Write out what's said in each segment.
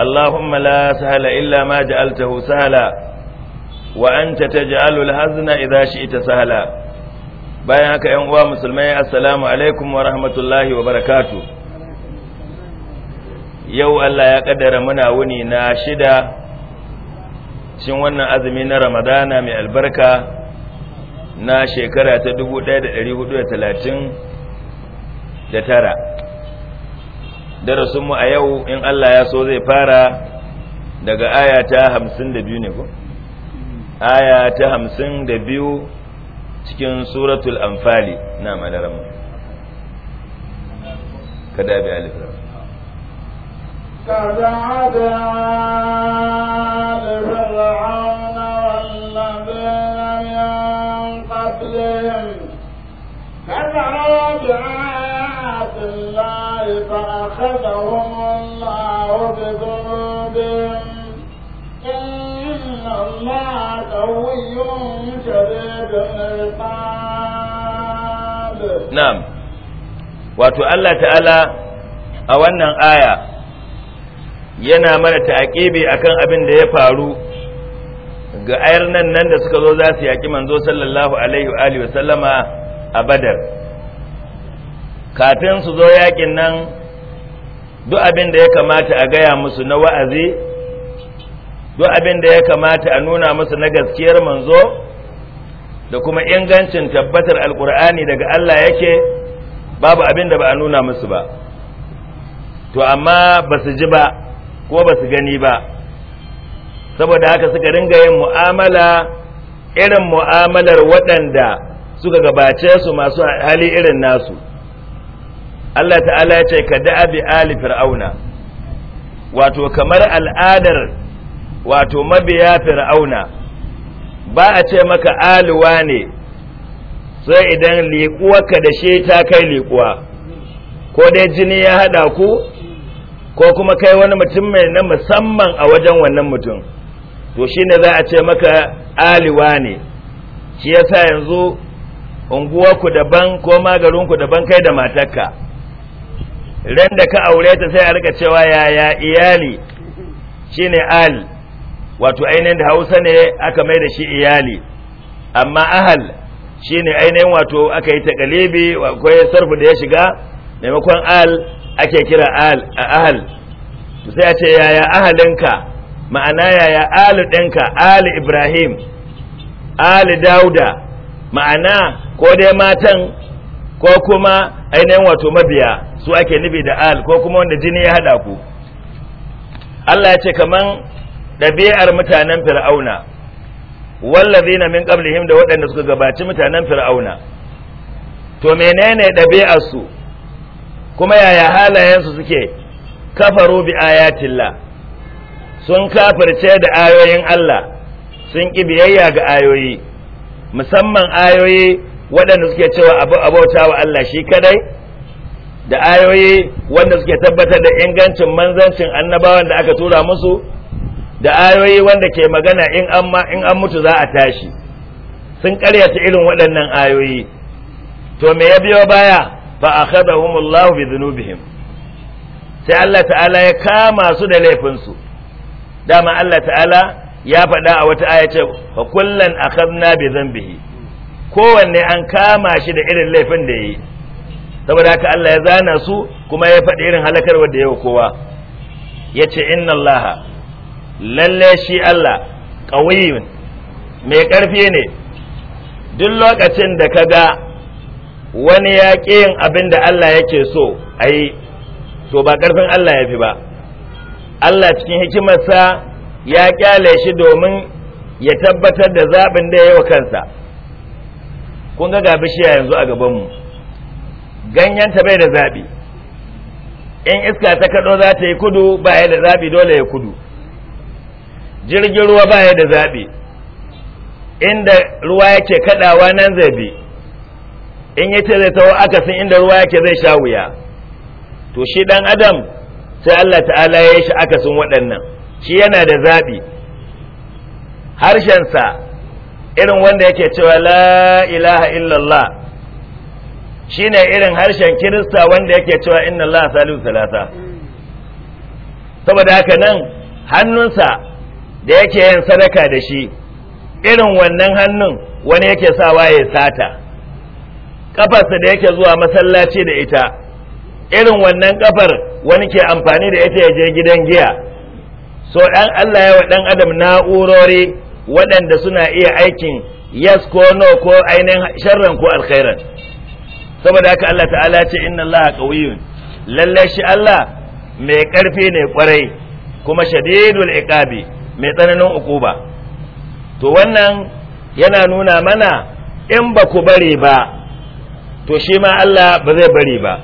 اللهم لا سهل إلا ما جعلته سهلا وأنت تجعل الهزن إذا شئت سهلا bayan haka ‘yan uwa musulmai assalamu alaikum wa rahmatullahi wa barakatu yau Allah ya kaddara muna wuni na shida cin wannan azumi na ramadana mai albarka na shekara ta 1439 darasinmu a yau in Allah ya so zai fara daga aya ta hamsin da biyu ne ko? aya ta hamsin da biyu cikin suratul amfali na mu. kada bi alif ram كذب فرعون والذين من قبلهم فأخذهم الله بذنوبهم إن الله قوي شديد العقاب نعم واتو الله تعالى أولا آية aya yana mana ta'aqibi akan abin da ya faru ga ayar nan nan da suka zo za su yaƙi manzo sallallahu alaihi wa alihi wa sallama a badar kafin su zo yakin nan duk abin da ya kamata a gaya musu na wa'azi duk abin da ya kamata a nuna musu na gaskiyar manzo da kuma ingancin tabbatar alkur'ani daga Allah yake babu abin da ba a nuna musu ba to amma ba su ji ba ko ba su gani ba saboda haka suka ringa yin mu'amala irin mu'amalar waɗanda suka gabace su masu hali irin nasu Allah ta'ala ya ce ka da'a bi ali fir'auna wato kamar al'adar wato mabiya fir'auna ba a ce maka aluwa ne sai idan liƙuwarka da shi ta kai liƙuwa ko dai jini ya haɗa ku ko kuma kai wani mutum mai na musamman a wajen wannan mutum to shine za a ce maka aliwa ne shi yasa yanzu unguwarku daban ko magarinku daban kai da matarka ran da ka aure ta sai a rika cewa yaya iyali shine al wato ainihin da hausa ne aka mai da shi iyali amma ahal shine ainihin wato aka yi takalibi akwai sarfu da ya shiga maimakon al ake kira al ahal sai a ce yaya ahalinka ma'ana yaya al ɗinka al ibrahim ali dauda ma'ana ko dai matan ko kuma ainihin wato mabiya su ake nufi da al ko kuma wanda jini ya hada ku Allah ya ce kaman ɗabi'ar mutanen fir'auna wallazina min qablihim da waɗanda suka gabaci mutanen fir'auna to menene ɗabi'ar su kuma yaya halayen su suke kafaru bi ayatillah sun kafirce da ayoyin Allah sun ki biyayya ga ayoyi musamman ayoyi waɗanda suke cewa abu abautawa Allah shi kadai da ayoyi wanda suke tabbatar da ingancin manzancin annabawan da aka tura musu da ayoyi wanda ke magana in an ma in an mutu za a tashi sun karyata irin waɗannan ayoyi to me ya biyo baya fa akhadahumullahu bi dhunubihim sai Allah ta'ala ya kama su da laifin su dama Allah ta'ala ya faɗa a wata aya ce fa kullan akhadna bi dhanbihi kowanne an kama shi da irin laifin da yi saboda haka Allah ya zana su kuma ya faɗi irin wa da yau kowa ya ce inna Allah lalle shi Allah ƙawiyin mai ƙarfi ne duk lokacin da ka ga wani ya yin abin da Allah yake so a yi to ba ƙarfin Allah ya fi ba Allah cikin hikimarsa ya ƙyale shi domin ya tabbatar da zaɓin da ya yi wa kansa kun ga ga bishiya yanzu a gabanmu ganyenta bai da zaɓi in iska ta kaɗo za ta yi kudu ba ya da zaɓi dole ya kudu jirgin ruwa ba ya da zaɓi inda ruwa yake kaɗawa nan zai bi in yace zai taho akasin inda ruwa yake zai sha wuya to shi ɗan adam sai Allah ta'ala ya yi shi akasin waɗannan shi yana da zaɓi sa irin wanda yake cewa la ilaha illallah shine irin harshen kirista wanda yake cewa inna Allah Salihu salasa saboda haka nan hannunsa da yake yin sadaka da shi irin wannan hannun wani yake sawa ya sata kafarsa da yake zuwa masallaci da ita irin wannan kafar wani ke amfani da ita ya je gidan giya so dan Allah ya wa dan adam na'urori waɗanda suna iya aikin yes ko no ko ainihin sharran ko alkhairan saboda haka Allah ta'ala ce inna Allah qawiyyun lalle shi Allah mai karfi ne kwarai kuma shadidul iqabi mai tsananin ukuba to wannan yana nuna mana in ba ku bare ba to shi ma Allah ba zai bare ba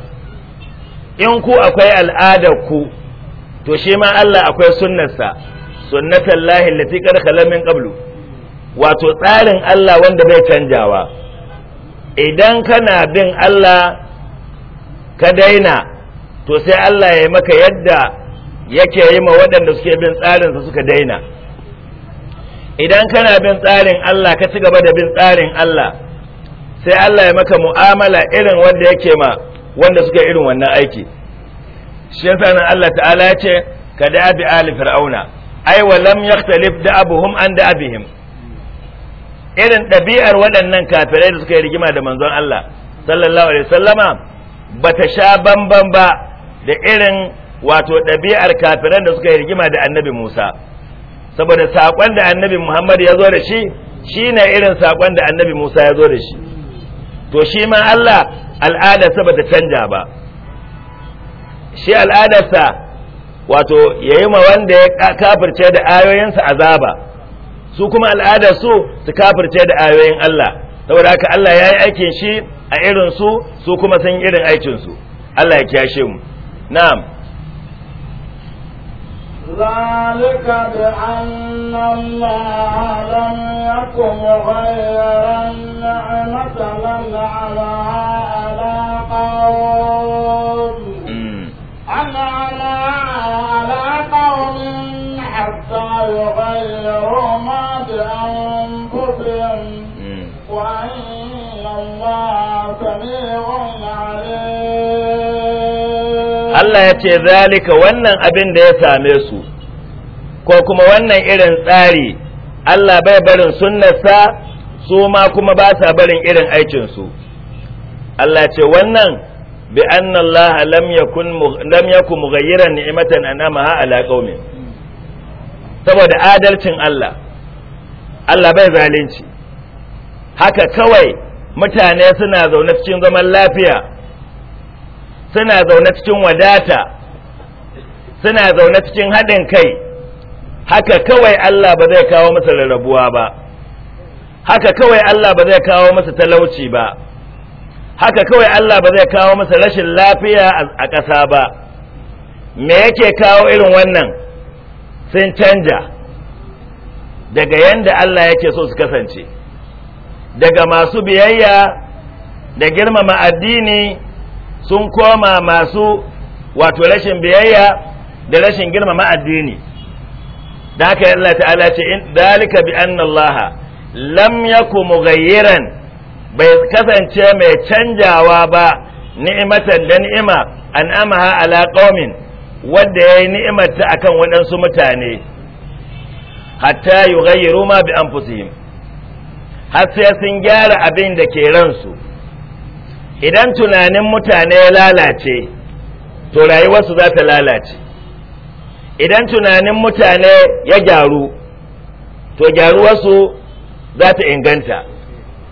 in ku akwai al'adar ku to shi ma Allah akwai sunnarsa sunnatan lahi lati qad khala min qablu wato tsarin Allah wanda bai canjawa idan kana bin Allah ka daina to sai Allah ya maka yadda yake yi ma waɗanda suke bin tsarinsa suka daina idan kana bin tsarin Allah ka ci gaba da bin tsarin Allah sai Allah ya maka mu'amala irin wanda yake ma wanda suka irin wannan aiki shi yasa nan Allah ta'ala ya ce ka da'a bi ali fir'auna ai wa lam yakhtalif da'abuhum an da'abihim irin ɗabi'ar waɗannan kafirai da suka yi rigima da manzon Allah sallallahu alaihi sallama ba ta sha bambam ba da irin wato ɗabi'ar kafirai da suka yi rigima da annabi Musa saboda saƙon da annabi Muhammad ya zo da shi shine irin saƙon da annabi Musa ya zo da shi to shi ma Allah al'adarsa ta canja ba shi al'adarsa wato yayi ma wanda ya kafirce da ayoyinsa azaba su kuma al'ada su su kafirce da ayoyin Allah saboda haka Allah ya yi aikin shi a irin su su kuma san irin aikin su Allah ya kiyashe mu na'am ذلك بأن الله لم يكن غير نعمة على قوم يغير ما بأنفسهم وأن الله سميع عليم الله يتي ذلك wannan abin da ya same su ko kuma wannan irin tsari Allah bai barin sunnarsa su ma kuma ba sa barin irin aikinsu Allah ce wannan bi anna Allah lam yakun lam yakun mughayyiran ni'matan anama ala qaumin saboda adalcin Allah Allah bai zalunci haka kawai mutane suna zaune cikin zaman lafiya suna zaune cikin wadata suna zaune cikin haɗin kai haka kawai Allah ba zai kawo masa rarrabuwa ba haka kawai Allah ba zai kawo masa talauci ba haka kawai Allah ba zai kawo masa rashin lafiya a ƙasa ba me yake kawo irin wannan sun canja daga yanda Allah yake so su kasance daga masu biyayya da girmama addini sun koma masu wato rashin biyayya da rashin girmama addini da haka Allah ta'ala ce in dalika bi anna Allah lam yaku mughayyiran bai kasance mai canjawa ba ni'imatan da ni'ima an'amaha ala qaumin Wanda ya yi ni'imarta a kan waɗansu mutane hatta yi gayyaru ma bi an fusihim har sai sun gyara abin da ke ransu idan tunanin mutane ya lalace to rayuwarsu za ta lalace idan tunanin mutane ya gyaru to gyaruwarsu za ta inganta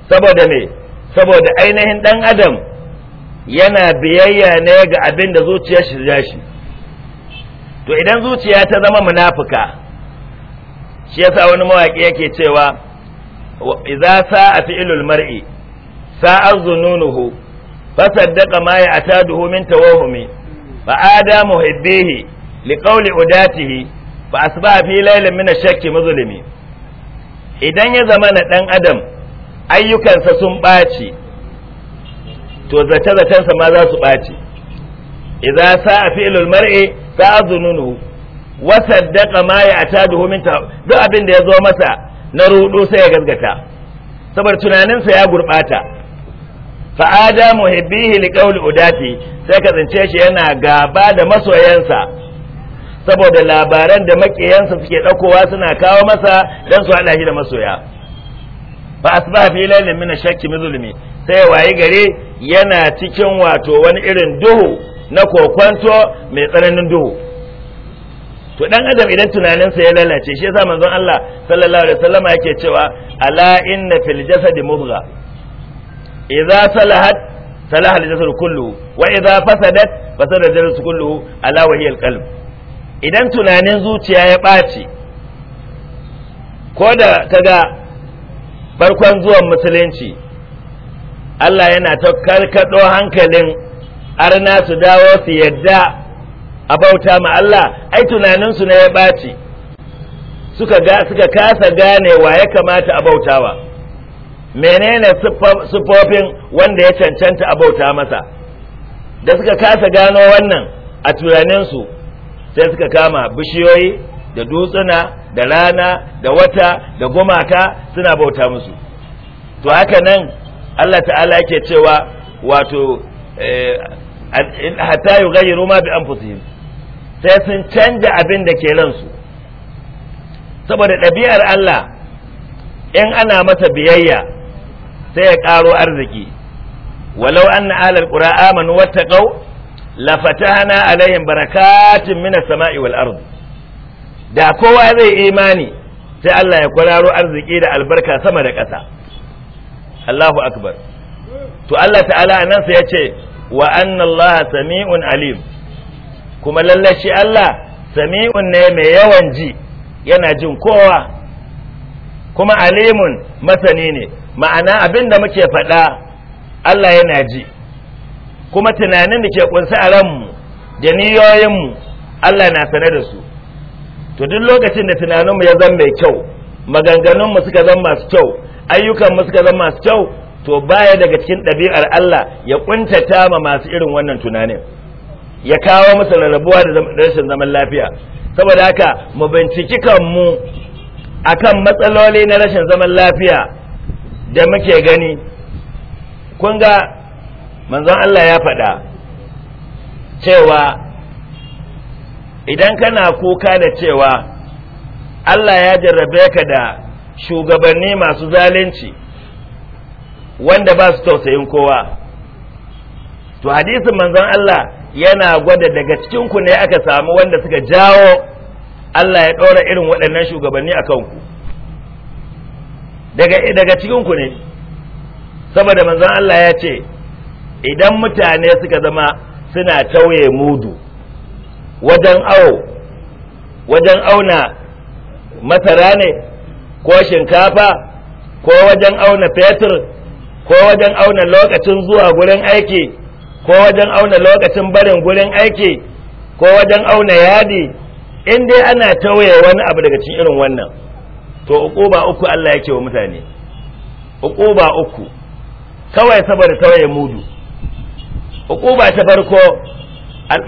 saboda me saboda ainihin ɗan adam yana biyayya ne ga abin da zuciyar shi to idan zuciya ta zama munafuka shi yasa wani mawaƙi yake cewa idza sa'a fi'lul mar'i sa'a zununuhu saddaqa ma ya'taduhu min tawahumi fa adamu hiddihi liqawli udatihi fa asbaha fi laylin min ash-shakki muzlimi idan ya zama na dan adam ayyukansa sun baci to zata zatansa ma za su baci idza sa'a fi'lul mar'i ta'zunuhu wa saddaqa ma ya'taduhu min ta duk abin da ya zo masa na rudu sai ya gaskata saboda tunaninsa ya gurbata fa ada muhibbihi liqawli udati sai ka zance shi yana gaba da masoyansa saboda labaran da makiyansa suke dakowa suna kawo masa dan su hada shi da masoya fa asbaha fi lailin min ash-shakki mizlimi sai waye gare yana cikin wato wani irin duhu na kokwanto mai tsananin duhu to dan adam idan tunaninsa ya lalace shi yasa manzon Allah sallallahu alaihi wasallam yake cewa ala inna fil jasadi mubgha idza salahat salaha al jasad kullu wa idza fasadat fasada al jasad kullu ala wa al qalb idan tunanin zuciya ya ɓaci ko da kaga barkon zuwan musulunci Allah yana ta karkado hankalin arna su dawo su yadda a bauta ma Allah ai tunaninsu na ya ɓaci suka kasa gane wa ya kamata a bautawa menene siffofin wanda ya cancanta a bauta masa da suka kasa gano wannan a tunaninsu sai suka kama bishiyoyi da dutsuna da rana da wata da gumaka suna bauta musu to haka nan Allah ta'ala ke cewa wato eh, hatta yughayyiru ma bi anfusihim sai sun canja abin da ke ransu saboda ɗabi'ar Allah in ana masa biyayya sai ya ƙaro arziki walau an na alar ƙura amanu wata ƙau lafatana barakatun mina sama'i wal ardu da kowa zai imani sai Allah ya kwararo arziki da albarka sama da ƙasa Allahu akbar to Allah ta'ala nan sai ya ce wa anna sami'un alim kuma lallashi Allah sami'un ne mai yawan ji yana jin kowa kuma alimun masani ne ma'ana abin da muke faɗa Allah yana ji kuma tunanin da ke kunsa a ranmu da niyoyinmu Allah na sane da su to duk lokacin da tunaninmu ya zama mai kyau maganganunmu suka zama masu kyau ayyukanmu suka zama masu kyau to baya daga cikin ɗabi'ar Allah ya kuntata ma masu irin wannan tunanin ya kawo masa rarrabuwa da rashin zaman lafiya saboda haka mu binciki kanmu akan matsaloli na rashin zaman lafiya da muke gani kun ga manzon Allah ya faɗa cewa idan kana kuka da cewa Allah ya jarrabe ka da shugabanni masu zalunci wanda ba su tausayin kowa to hadisin manzon Allah yana gwada daga cikin ku ne aka samu wanda suka jawo Allah ya ɗora irin waɗannan shugabanni a kanku daga daga cikin ku ne saboda manzon Allah ya ce idan mutane suka zama suna tauye mudu wajen au wajen auna masara ne ko shinkafa ko wajen auna fetur ko wajen auna lokacin zuwa gurin aiki ko wajen auna lokacin barin gurin aiki ko wajen auna yadi in dai ana tauye wani abu daga cikin irin wannan to uquba uku Allah yake wa mutane uquba uku kawai saboda tauye mudu uquba ta farko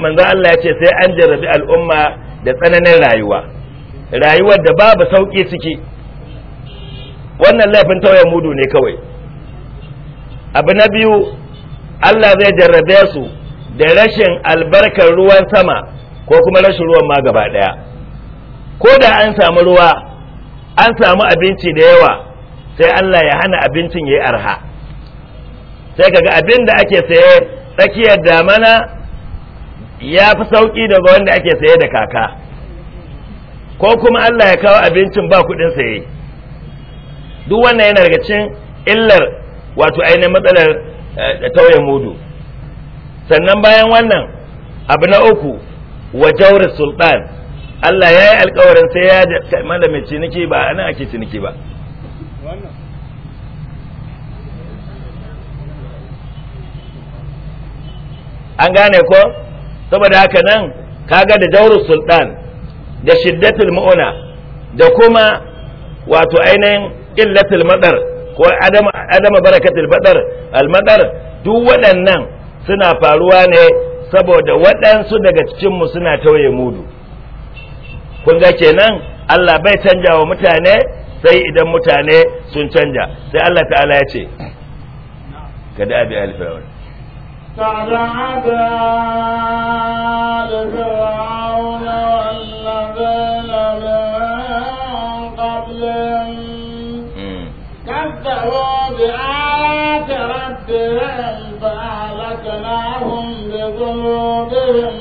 manzo Allah ya sai an jarrabi al'umma da tsananin rayuwa rayuwar da babu sauki ciki wannan laifin tauye mudu ne kawai abu na biyu Allah zai jarrabe su da rashin albarkar ruwan sama ko kuma rashin ruwan ma gaba ɗaya ko da an samu ruwa an samu abinci da yawa sai Allah ya hana abincin ya yi arha sai kaga abin da ake saye tsakiyar damana ya fi sauƙi daga wanda ake saye da kaka ko kuma Allah ya kawo abincin ba kuɗin saye duk wannan yana daga cikin illar wato ainihin matsalar eh, tauye mudu sannan bayan wannan abu na uku wa jawar sultan Allah ya yi alkawarin sai ya kammala mai ciniki ba a nan ake ciniki ba an gane ko saboda haka nan kaga da jawar sultan da shiddatul ma'una da kuma wato ainihin illatul matsar ko adama barakatul badar almadar duk waɗannan suna faruwa ne saboda waɗansu daga cikinmu suna tauye mudu kun ga kenan Allah bai canja wa mutane sai idan mutane sun canja sai Allah ta'ala ya ce kada abi alfirawun تعجعت كذبوا بآيات ربهم فأهلكناهم بذنوبهم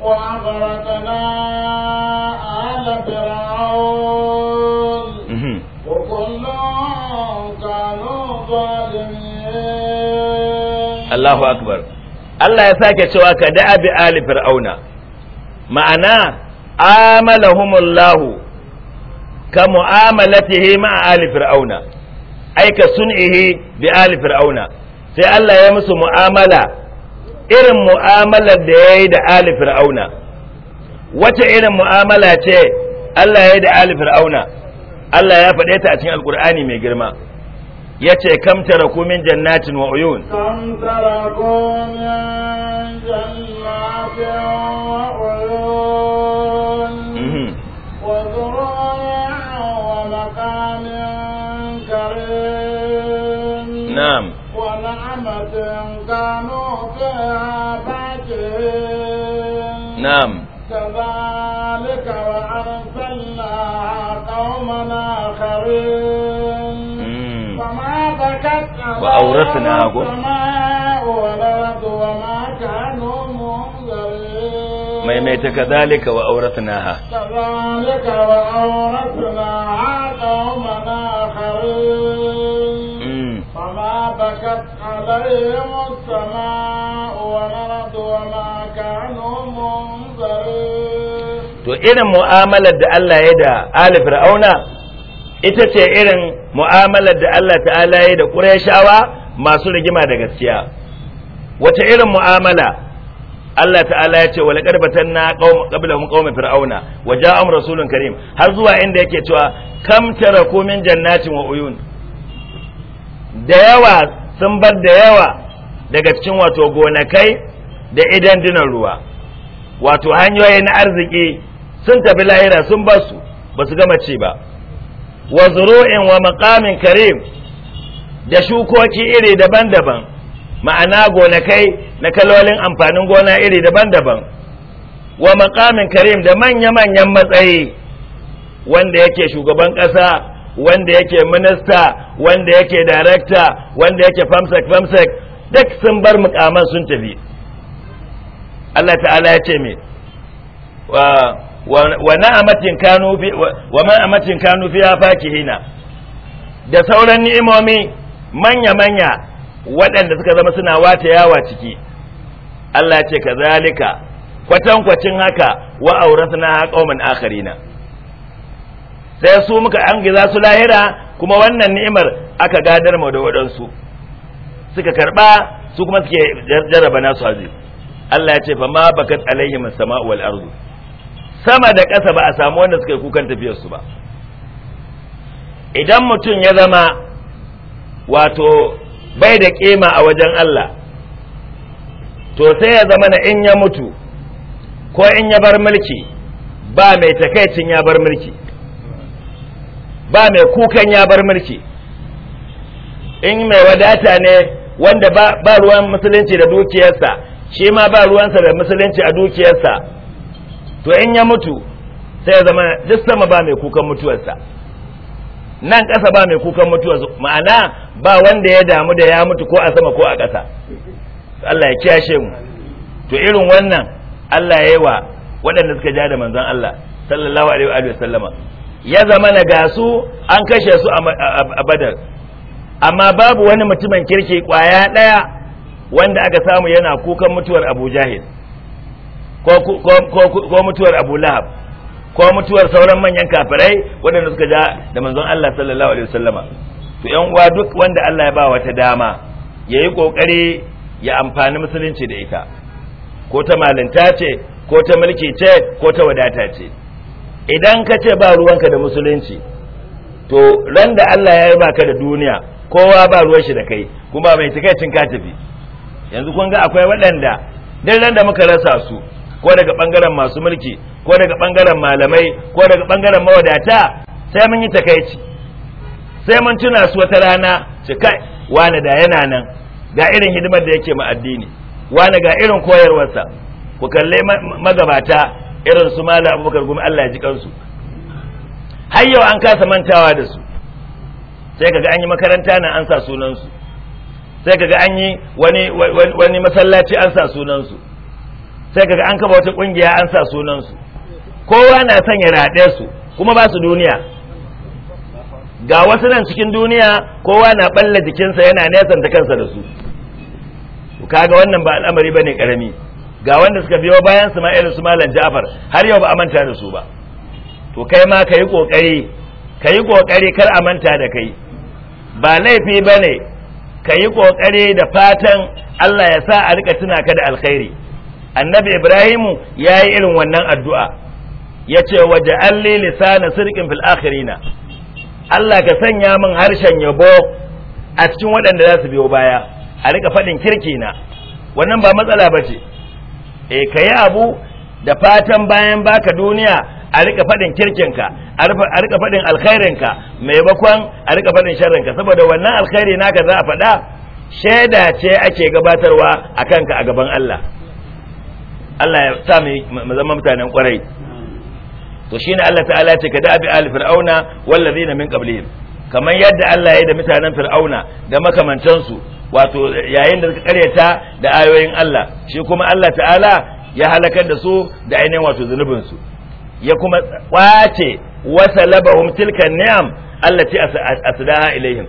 وأغرقنا آل فرعون وكل كانوا ظالمين الله أكبر Allah ya sake cewa ka da'a bi ali fir'auna ma'ana amalahumullahu ka mu'amalatihi ma'a ali fir'auna aika sun'ihi bi ali fir'auna sai Allah ya musu mu'amala irin mu'amalar da ya yi da ali fir'auna wace irin mu'amala ce Allah ya yi da ali fir'auna Allah ya faɗe ta a cikin alkur'ani mai girma ya ce kam tara min jannatin wa uyun kam jannatin wa نعم ونعمة كانوا فيها فاكهين نعم كذلك وأرسلنا قوما آخرين فما بكت وأورثنا السماء والأرض وما كانوا منذرين ميت كذلك وأورثناها كذلك وأورثناها قوما آخرين فبكت عليهم السماء والأرض وما كانوا منظرين to irin mu'amalar da Allah ya da Ali Fir'auna ita ce irin mu'amalar da Allah ta'ala ya da Qurayshawa masu rigima da gaskiya wace irin mu'amala Allah ta'ala ya ce wa laqad batanna qaum qablahum qaum fir'auna wa ja'ahum rasulun karim har zuwa inda yake cewa kam taraku min jannatin wa uyun da yawa sun bar da yawa daga cikin wato gonakai da idan dinar ruwa wato hanyoyi na arziki sun tafi lahira sun bar su ba su gama ci ba wa zuru'in wa maqamin karim da shukoki iri daban-daban ma'ana gonakai na kalolin amfanin gona iri daban-daban wa maqamin karim da manya-manyan matsayi wanda yake shugaban ƙasa wanda yake minista wanda yake darekta wanda yake famsek famsek duk sun bar mukaman sun tafi Allah ta'ala ya ce me wa na'amatin kanu fi wa ma'amatin kanu da sauran ni'imomi manya manya waɗanda suka zama suna wata yawa ciki Allah ce kazalika kwatankwacin haka wa auratna qauman akharina sai su muka angiza su lahira kuma wannan ni'imar aka gadar mu da waɗansu suka karba su kuma suke jarraba nasu hazi Allah ya ce fa ma bakat alaihim as-sama'u wal ardu sama da ƙasa ba a samu wanda suka kukan tafiyar su ba idan mutum ya zama wato bai da kima a wajen Allah to sai ya zama na in ya mutu ko in ya bar mulki ba mai takaicin ya bar mulki ba mai kukan ya bar mulki in mai wadata ne wanda ba ruwan musulunci da dukiyarsa shi ma ba ruwansa da musulunci a dukiyarsa to in ya mutu sai ya zama duk sama ba mai kukan mutuwarsa nan ƙasa ba mai kukan mutuwarsa ma'ana ba wanda ya damu da ya mutu ko a sama ko a ƙasa Allah ya kiyashe mu to irin wannan Allah ya yi wa waɗanda suka ja da manzon Allah sallallahu alaihi wa sallama ya zama na gasu an kashe su a badar amma babu wani mutumin kirki kwaya daya wanda aka samu yana kukan mutuwar abu jahil ko mutuwar abu lahab ko mutuwar sauran manyan kafirai waɗanda suka ja da manzon Allah sallallahu alaihi wasallama to yan uwa duk wanda Allah ya ba wata dama yayi kokari ya amfani musulunci da ita ko ta malinta ce ko ta mulki ce ko ta wadata ce idan ka ce ba ruwanka da musulunci to ran da Allah ya yi baka da duniya kowa ba ruwan shi da kai kuma mai takaicin ka tafi yanzu kun ga akwai waɗanda dan ran da muka rasa su ko daga bangaren masu mulki ko daga bangaren malamai ko daga bangaren mawadata sai mun yi takaici sai mun tuna su wata rana ci kai wani da yana nan ga irin hidimar da yake ma addini wani ga irin koyarwarsa ku kalle magabata irin su mala abubakar kuma Allah ya ji kansu har yau an kasa mantawa da su sai kaga an yi makaranta na an sa sunansu sai kaga an yi wani wani masallaci an sa sunansu sai kaga an kaba wata kungiya an sa sunansu kowa na sanya ya raɗe su kuma ba su duniya ga wasu nan cikin duniya kowa na balla jikinsa yana nesanta kansa da su kaga wannan ba al'amari bane karami ga wanda suka biyo bayan su ma'il su malam Ja'far har yau ba a manta da su ba to kai ma ka yi kokari ka yi kokari kar a manta da kai ba laifi ba ne ka yi kokari da fatan Allah ya sa a rika tuna ka da alkhairi annabi Ibrahimu ya yi irin wannan addu'a ya ce waje an lisana sirkin fil akhirina Allah ka sanya min harshen yabo a cikin waɗanda za su biyo baya a rika faɗin kirki na wannan ba matsala ba ce E ka yi abu da fatan bayan baka duniya a rika faɗin kirkinka a rika faɗin alkhairinka maimakon a rika faɗin sharrinka saboda wannan alkhairi naka za a faɗa shaida ce ake gabatarwa a kanka a gaban Allah Allah ya sa mu zama mutanen kwarai to shine Allah ta'ala ce ka da bi al fir'auna wallazina min qablihim kamar yadda Allah ya yi da mutanen fir'auna da makamancansu wato yayin da suka karyata da ayoyin Allah shi kuma Allah ta'ala ya halakar da su da ainihin wato zunubinsu ya kuma kwace wasa labahum tilkan ni'am allati asdaha ilaihim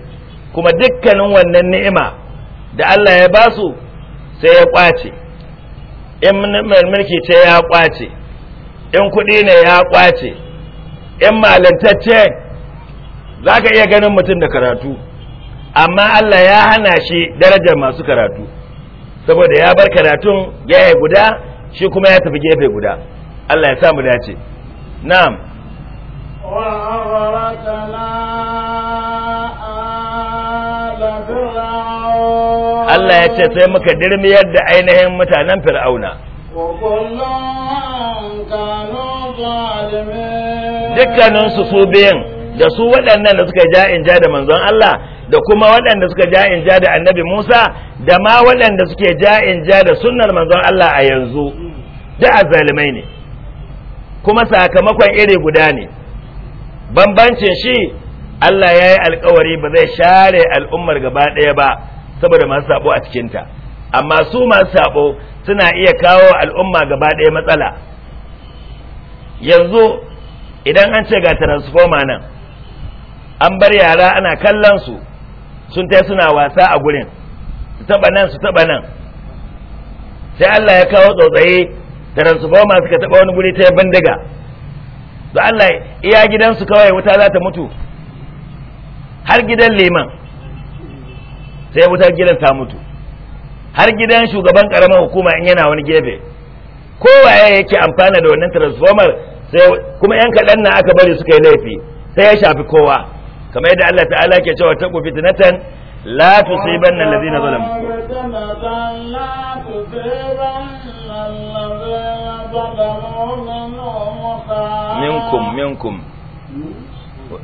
kuma dukkanin wannan ni'ima da Allah ya basu sai ya kwace in mulki ce ya kwace in kuɗi ne ya kwace in malantacce za ka iya ganin mutum da karatu amma Allah ya hana shi darajar masu karatu saboda ya bar karatun ya guda shi kuma ya tafi gefe guda Allah ya samu dace na'am Allah ya ce sai muka dirmiyar da ainihin mutanen fir'auna dukkaninsu su biyan da su waɗannan da suka ja in ja da manzon Allah da kuma waɗanda suka ja in ja da annabi Musa da ma waɗanda suke ja in ja da sunnar manzon Allah a yanzu da azalimai ne kuma sakamakon iri guda ne bambancin shi Allah ya yi alkawari ba zai share al'ummar gaba ɗaya ba saboda masu sabo a cikinta amma su masu sabo suna iya kawo al'umma gaba ɗaya matsala yanzu idan an ce ga transformer nan an bar yara ana kallon su sun tai suna wasa a gurin su taba nan su taba nan sai Allah ya kawo tsautsaye transformer suka taba wani guri ta bindiga to Allah iya gidansu kawai wuta za ta mutu har gidan liman sai wutar gidan ta mutu har gidan shugaban karamar hukuma in yana wani gefe kowaye yake amfana da wannan transformer sai kuma yan kaɗan na aka bari suka yi laifi sai ya shafi kowa kamar yadda Allah ta'ala ke cewa taqu fitnatan la tusibanna alladhina zalamu minkum minkum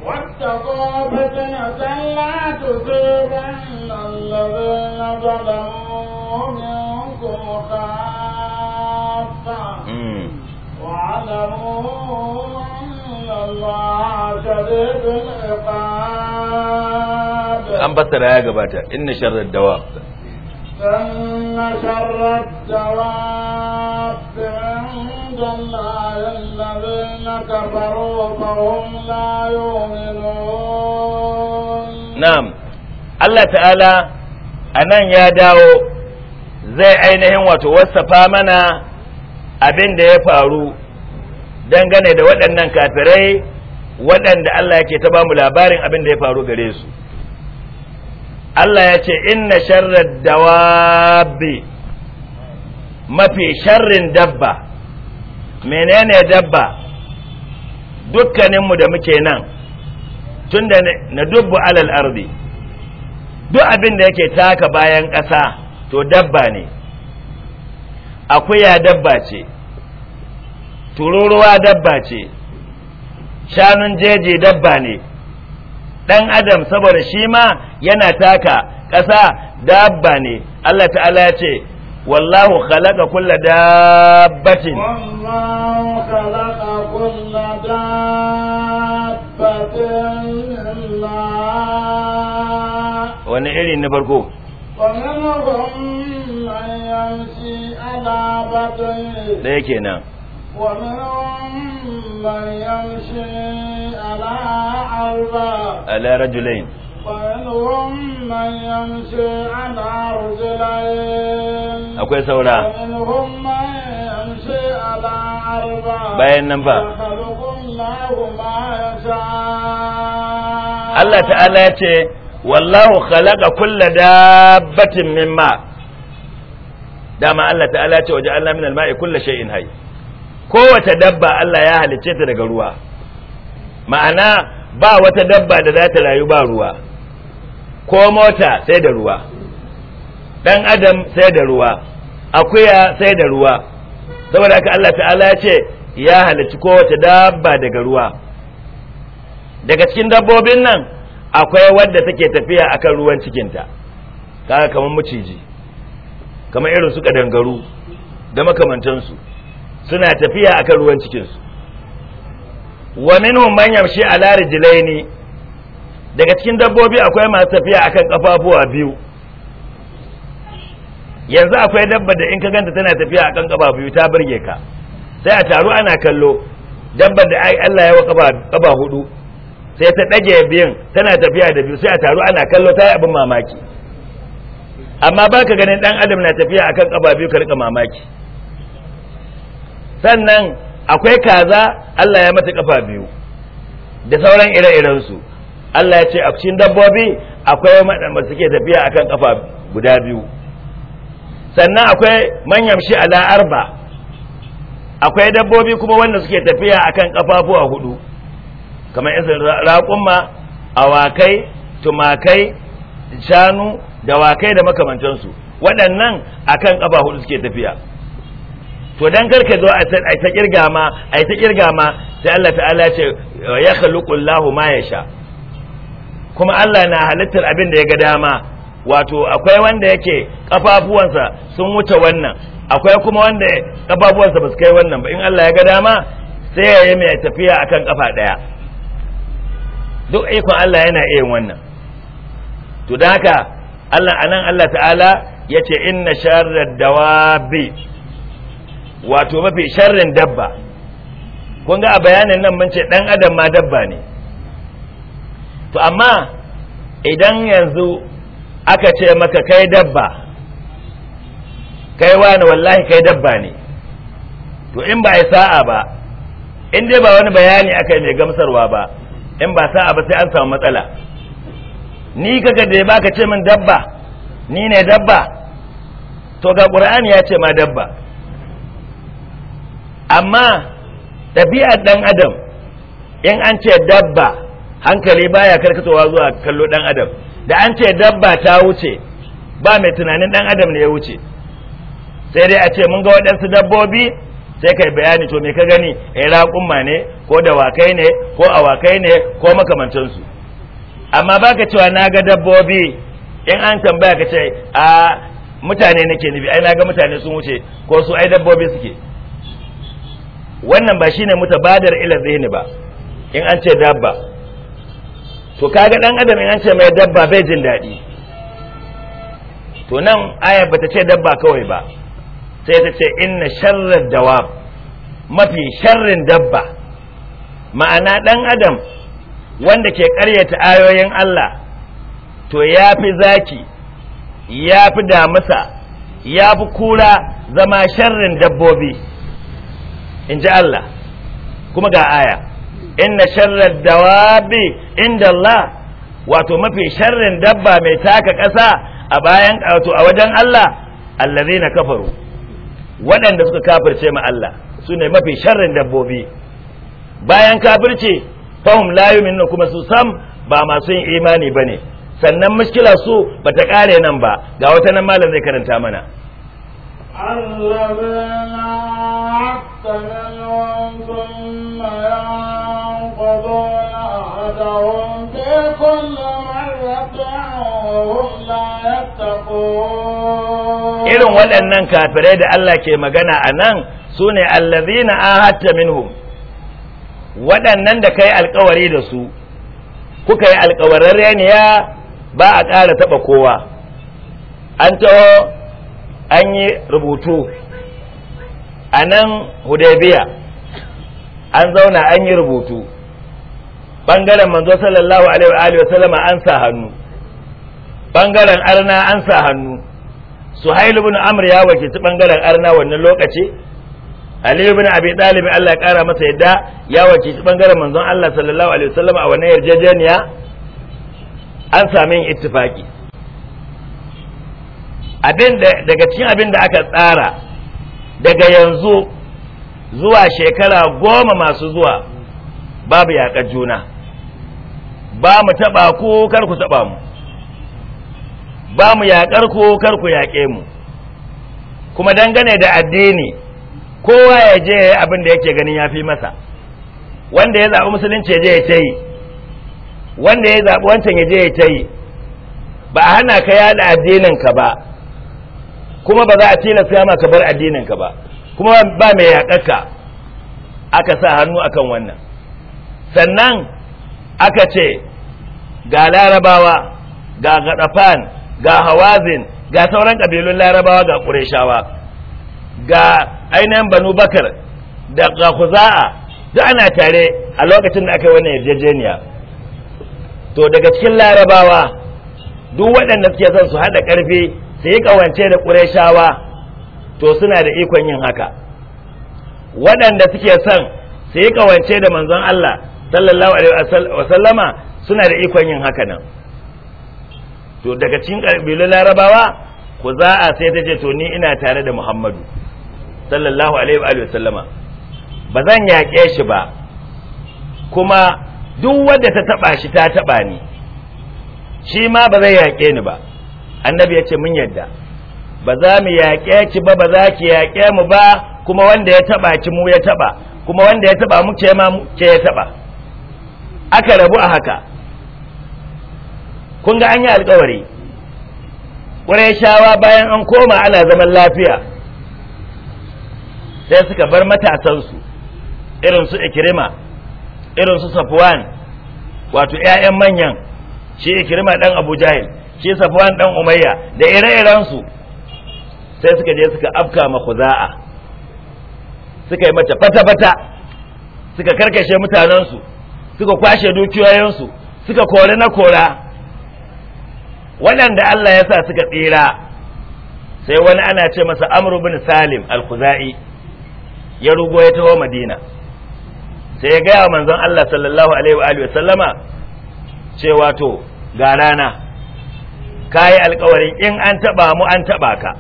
واتقوا فتنة لا تصيبن الذين ظلموا منكم خافة واعلموا أن الله شديد العقاب أن بسر يا جباتا إن شر الدواب إن شر الدواب عند الله الذين كفروا فهم لا يؤمنون نعم Allah ta'ala a nan ya dawo zai ainihin wato mana abin da ya faru dangane da waɗannan kafirai waɗanda Allah yake ta bamu labarin abin da ya faru gare su Allah ya ce inna sharrar dawabi mafi sharrin dabba menene dabba dukkaninmu da muke nan tun da na dubbu alal ardi duk abin da yake taka bayan ƙasa to dabba ne akuya dabba ce tururuwa dabba ce shanun jeji dabba ne ɗan adam saboda shi ma yana taka ƙasa dabba ne Allah ta'ala ya ce wallahu khalaqa kulla dabbatin wallahu khalaqa kulla dabbatin wani iri na farko da yake nan ala rajulain ومنهم من يمشي على رجلين akwai saura bayan nan fa Allah ta'ala ya ce wallahu khalaqa kulla dabbatin mimma dama Allah ta'ala ce waje Allah min al-ma'i kulla shay'in hayy kowace dabba Allah ya halicce ta daga ruwa ma'ana ba wata dabba da za ta rayu ba ruwa ko mota sai da ruwa dan adam sai da ruwa akuya sai da ruwa saboda haka Allah ta'ala ya ce ya halicci kowace dabba daga ruwa daga cikin dabbobin nan akwai wadda take tafiya akan ruwan cikinta kaga kamar maciji kamar irin su kadangaru da makamantansu suna tafiya akan ruwan cikinsu wa minhum man yamshi ala rijlaini daga cikin dabbobi akwai masu tafiya akan kafafuwa biyu yanzu akwai dabba da in ka ganta tana tafiya akan kafa biyu ta burge ka sai a taru ana kallo dabbar da Allah ya wa kafa hudu sai ta ɗage biyun tana tafiya da biyu sai a taru ana kallo ta yi abin mamaki amma ba ka ganin ɗan adam na tafiya akan ƙaba biyu ka rika mamaki sannan akwai kaza Allah ya mata ƙafa biyu da sauran ire-irensu Allah ya ce a cikin dabbobi akwai waɗanda suke tafiya akan ƙafa guda biyu sannan akwai manyan shi ala arba akwai dabbobi kuma wanda suke tafiya akan ƙafafuwa hudu kamar isin raƙumma awakai tumakai shanu dawakai da makamantansu waɗannan akan ƙafa hudu suke tafiya to dan karka zo a ta kirga ma a ta kirga ma sai Allah ta'ala ce ya khaluqu Allahu ma yasha kuma Allah na halittar abin da ya ga dama wato akwai wanda yake kafafuwansa sun wuce wannan akwai kuma wanda kafafuwansa ba su kai wannan ba in Allah ya ga dama sai ya yi mai tafiya akan kafa daya duk ikon Allah yana iya wannan to dan haka Allah anan Allah ta'ala yace inna sharrad dawabi wato mafi sharrin dabba kun ga a bayanin nan mun ce dan adam ma dabba ne to amma idan yanzu aka ce maka kai dabba kai wani wallahi kai dabba ne to in ba sa'a ba in dai ba wani bayani aka mai gamsarwa ba in ba sa'a ba sai an samu matsala ni ka gade da ka ce min dabba ni ne dabba to ga ƙura'ani ya ce ma dabba amma ɗabi'ar ɗan adam in an ce dabba hankali baya karkatowa zuwa kallo ɗan adam da an ce dabba ta wuce ba mai tunanin ɗan adam ne ya wuce sai dai a ce mun ga waɗansu dabbobi sai kai bayani to me ka gani E, raƙumma ne ko dawakai ne ko awakai ne ko makamancinsu amma baka cewa na ga dabbobi in an tambaya ka ce a mutane nake nufi ai na ga mutane sun wuce ko su ai dabbobi suke wannan ba shine mutabadar ila zihni ba in an ce dabba to kaga dan adam in an ce mai dabba bai jin daɗi to nan aya bata ce dabba kawai ba sai ta ce inna sharrar dawab mafi sharrin dabba ma'ana dan adam wanda ke ƙaryata ayoyin Allah to ya fi zaki ya fi damusa ya fi kura zama sharrin dabbobi in ji Allah kuma ga aya inna sharrar dawabi inda Allah wato mafi sharrin dabba mai taka ƙasa a bayan wato a wajen Allah allazi na kafaru waɗanda suka kafirce ma Allah su ne mafi sharrin dabbobi bayan kafirce fahim layumin minna kuma su sam ba masu yin imani ba ne sannan mushkila su ba ta ƙare nan ba ga wata nan malam zai karanta mana irin waɗannan kafirai da Allah ke magana a nan su ne allazina ahatta minhum waɗannan da kai alkawari da su kuka yi alkawarar reniya ba a ƙara taɓa kowa an taho an yi rubutu a nan hudaybiya an zauna an yi rubutu ɓangaren manzo sallallahu alaihi wa sallama an sa hannu ɓangaren arna an sa hannu su suhail bin amur ya wakilci ɓangaren arna wannan lokaci Ali ibn Abi Talib Allah ya kara masa yadda ya wace shi bangaren manzon Allah sallallahu alaihi wasallam a wannan yarjejeniya an sami yin ittifaki abin da daga cikin abin da aka tsara daga yanzu zuwa shekara goma masu zuwa babu yaƙar juna ba mu taɓa ku kar ku taɓa mu ba mu yaƙar ku kar ku yaƙe mu kuma dangane da addini kowa ya je ya abin da yake ganin ya fi masa wanda ya zaɓi musulunci ya je ya ta yi wanda ya zaɓi wancan ya je ya ta yi ba a hana ka yada addininka ba kuma ba za a tilasta ya ka bar addininka ba kuma ba mai yaƙaka aka sa hannu akan wannan sannan aka ce ga larabawa ga gaɗafan ga hawazin ga sauran ƙabilun larabawa ga ƙureshawa ga ainihin banu bakar da ga kuza'a duk ana tare a lokacin da aka yi wannan yarjejeniya to daga cikin larabawa duk waɗanda suke son su haɗa ƙarfi su yi ƙawance da ƙureshawa to suna da ikon yin haka waɗanda suke son su yi ƙawance da manzon Allah sallallahu alaihi wasallama suna da ikon yin haka nan to daga cikin ƙabilun larabawa ku za sai ta ce to ni ina tare da muhammadu sallallahu alaihi wa sallama ba zan yaƙe shi ba kuma duk wadda ta taɓa shi ta taɓa ni shi ma ba zai yaƙe ni ba annabi ya ce mun yadda ba za mu yaƙe ki ba ba za ki yaƙe mu ba kuma wanda ya taɓa ki mu ya taɓa kuma wanda ya taɓa mu ke ma ke ya taɓa aka rabu a haka kun ga an yi alƙawari shawa bayan an koma ana zaman lafiya sai suka bar matasansu irin su ikirima irin su safwan wato 'ya'yan manyan shi ikirima dan abu jahil shi safwan dan umayya da ire-irensu sai suka je suka afka ma khuza'a suka yi mata fata-fata suka karkashe mutanensu suka kwashe dukiyoyinsu suka kori na kora waɗanda Allah ya sa suka tsira sai wani ana ce masa amru bin salim al-khuza'i ya rugo ya taho madina sai ya gaya manzon Allah sallallahu alaihi wa sallama cewa to ga rana kayi alkawarin in an taba mu an taba ka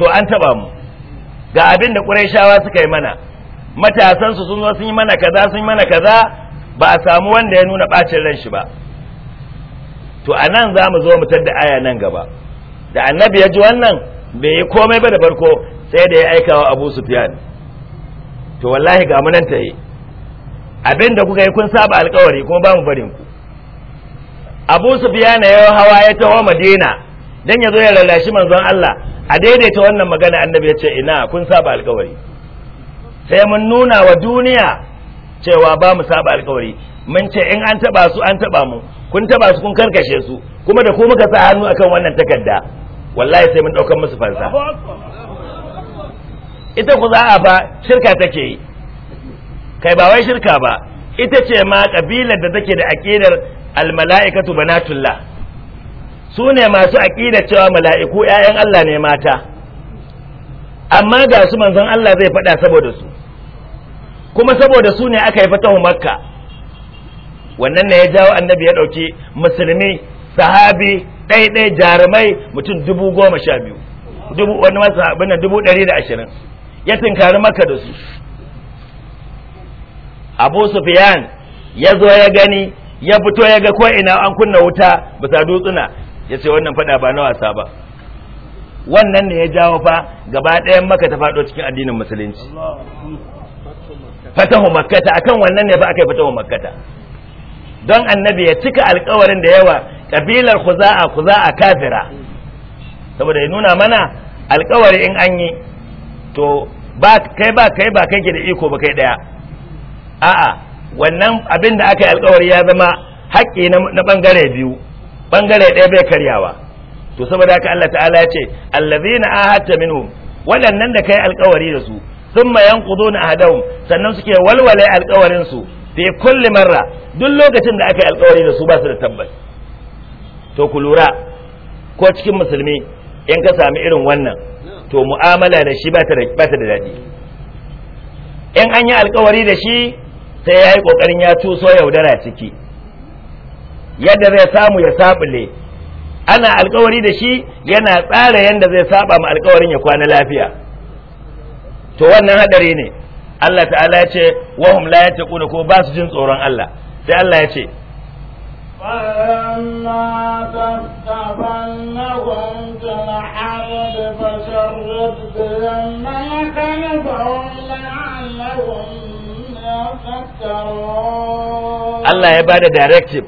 to an taba mu ga abin da Qurayshawa suka yi mana matasan su sun zo sun yi mana kaza sun yi mana kaza ba a samu wanda ya nuna bacin ran shi ba to anan za mu zo mu tada aya nan gaba da annabi ya ji wannan bai yi komai ba da farko sai da ya aika wa abu sufiyan to wallahi ga munan ta yi Abinda kuka yi kun saba alkawari kuma ba mu barin ku abu sufiyan ya yi hawa ya taho madina dan ya zo ya lalashi manzon Allah a daidaita wannan magana annabi ya ce ina kun saba alkawari sai mun nuna wa duniya cewa ba mu saba alkawari mun ce in an taba su an taba mu kun taba su kun karkashe su kuma da ku muka sa hannu akan wannan takarda wallahi sai mun daukar musu fansa ita ku za a fa shirka take yi kai ba wai shirka ba ita ce ma kabilar da take da aqidar almala'ikatu banatullah su ne masu aqida cewa mala'iku ƴaƴan Allah ne mata amma ga su manzon Allah zai faɗa saboda su kuma saboda su ne aka yi fatahu makka wannan ne ya jawo annabi ya ɗauki musulmi sahabi ɗaiɗai jarumai mutum dubu goma sha biyu wani masu abin dubu ɗari da ashirin ya tinkari maka da su abu sufiyan ya zo ya gani ya fito ya ga ko ina an kunna wuta bisa dutsuna ya ce wannan fada ba na wasa ba wannan ne ya jawo fa gaba ɗayan maka ta faɗo cikin addinin musulunci fatahu makkata akan wannan ne fa aka yi fatahu makkata don annabi ya cika alkawarin da yawa kabilar kuza'a kuza'a kafira saboda ya nuna mana alkawari in an yi to ba kai ba kai ba kai ke da iko ba kai daya a'a wannan abin da aka yi alkawari ya zama haƙƙi na bangare biyu bangare ɗaya bai karyawa to saboda haka Allah ta'ala ya ce allazina ahadta minhum waɗannan da kai alkawari da su thumma yanquduna ahadahum sannan suke walwale alkawarin su fi kulli marra duk lokacin da aka yi alkawari da su ba su da tabbas to ku lura ko cikin musulmi in ka sami irin wannan to mu'amala da shi ba ta da daɗi in an yi alkawari da shi sai ya yi ƙoƙarin ya tuso yaudara ciki yadda zai samu ya sabule ana alkawari da shi yana tsara yadda zai saɓa ma alkawarin ya kwana lafiya to wannan haɗari ne Allah ta'ala ya ce wahum la ce ko ba su jin tsoron Allah sai Allah ya ce فلما تستفنهم في الحرب فشرد بهم من كلبهم لعلهم يذكرون الله يبادر directive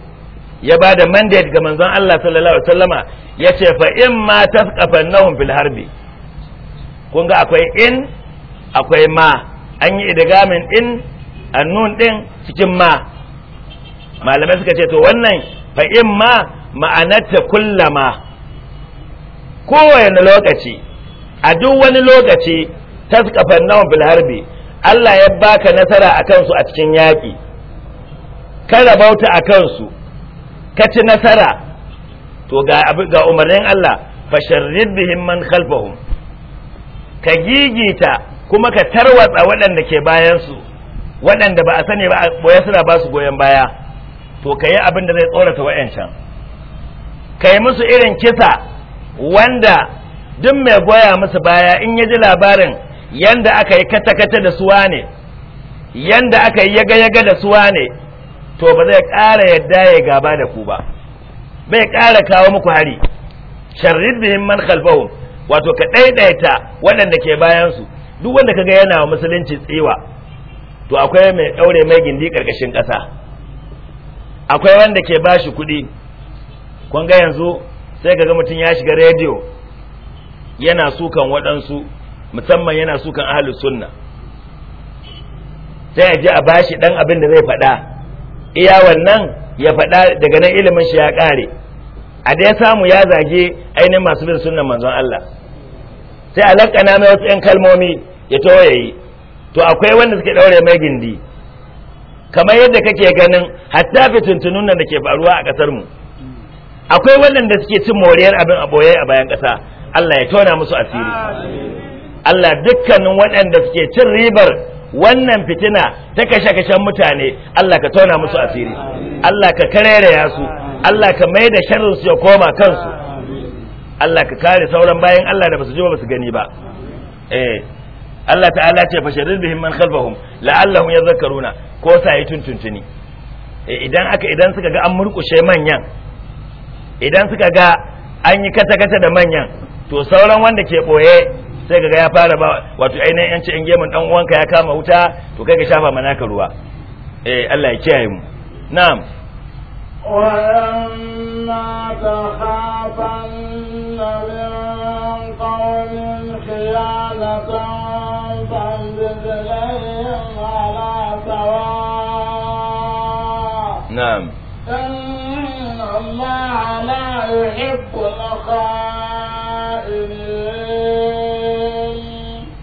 ya ba da mandate ga manzon Allah sallallahu alaihi wasallama ya ce fa in ma tasqafannahum fil harbi kun ga akwai in akwai ma an yi idgamin in annun din cikin ma malamai suka ce to wannan fa in ma ma'anarta kullama kowane lokaci a duk wani lokaci taskafan nawan bil harbi Allah ya baka nasara a kansu a cikin yaƙi kada bauta a kansu ka ci nasara to ga ga umarnin Allah fasharrid bihim man khalfahum ka gigita kuma ka tarwatsa waɗanda ke bayansu waɗanda ba a sani ba a suna ba su goyon baya to ka yi abin da zai tsorata wa'yancan ka yi musu irin kisa wanda duk mai goya musu baya in ya ji labarin yanda aka yi kata-kata da suwa ne yanda aka yi yaga-yaga da suwa ne to ba zai ƙara yadda ya gaba da ku ba bai ƙara kawo muku hari sharrid bihim man khalfahum wato ka ɗaiɗaita waɗanda ke bayansu duk wanda kaga yana wa musulunci tsiwa to akwai mai ɗaure mai gindi ƙarƙashin ƙasa akwai wanda ke ba shi kuɗi kun ga yanzu sai ga mutum ya shiga rediyo yana sukan waɗansu musamman yana sukan ahli sunna sai aji a bashi ɗan abin da zai faɗa iya wannan ya faɗa daga nan ilimin shi ya ƙare a dai samu ya zage ainihin masu bin sunna manzon Allah sai a lakana mai wasu 'yan kalmomi ya to yayi to akwai wanda suke ɗaure mai gindi kamar yadda kake ganin hatta fitintunun nan da ke faruwa a ƙasar mu akwai waɗanda suke cin moriyar abin a boye a bayan ƙasa Allah ya tona musu asiri Allah dukkanin waɗanda suke cin ribar wannan fitina ta kashe-kashen mutane Allah ka tona musu asiri Allah ka kareraya su Allah ka mai da su ya koma kansu Allah ka kare sauran bayan Allah da basu ji ba basu gani ba eh Allah ta'ala ce fasharir bihim man khalfahum la'allahum yadhakkaruna ko sa yi tuntuntuni e, idan aka idan suka ga an murkushe manyan idan suka ga an yi kata-kata da manyan to sauran wanda ke boye sai ga ya fara ba wato ainihin yanci in gemun dan uwanka ya kama wuta to kai ka shafa manaka ruwa eh Allah ya kiyaye mu na'am وإما تخافن من قوم خيانة فانبذ إليهم على سواء نعم إن الله لا يحب الخائنين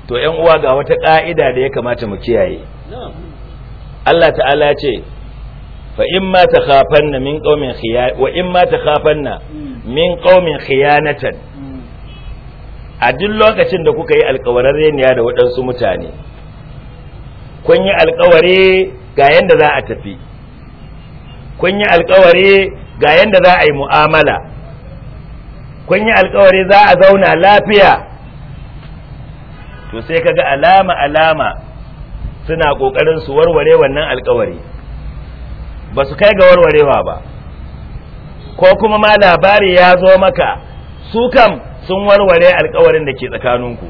to ‘yan uwa ga wata ƙa'ida da ya kamata mu kiyaye. Allah ta'ala ce, fa in ma takhafanna min qaumin khiya wa in ma min qaumin khiyanatan a duk lokacin da kuka yi alkawararreniya da waɗansu mutane kun yi alƙawari ga yanda za a tafi kun yi alƙawari ga yanda za a yi mu'amala kun yi alkawari za a zauna lafiya to sai kaga alama alama suna kokarin su warware wannan alkawari ba su kai ga warwarewa ba ko kuma ma labari ya zo maka su kam sun warware alkawarin da ke tsakaninku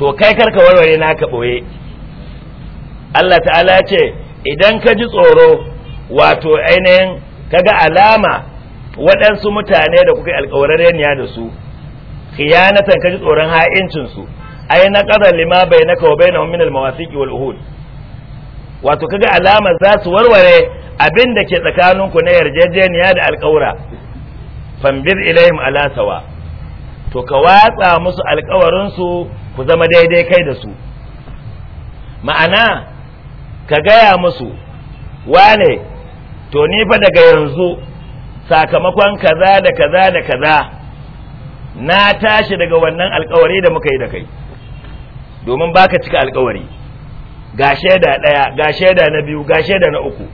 to kai karka warware naka ɓoye Allah ta'ala ce idan ka ji tsoro wato ainihin kaga alama waɗansu mutane da kuka alkawararreniya da su khiyanatan ka ji tsoron ha'incinsu ai na ƙazar lima bai na kawo bai na min al-mawasiki wal uhud wato kaga alama za su warware abin da ke tsakaninku na yarjejeniya da alƙawura fambir ilayhim ala sawa to ka watsa musu su ku zama daidai kai da su ma'ana ka gaya musu wane to ni fa daga yanzu sakamakon kaza da kaza da kaza na tashi daga wannan alƙawari da muka yi da kai domin baka cika alƙawari ga shaida ɗaya ga shaida na biyu ga shaida na uku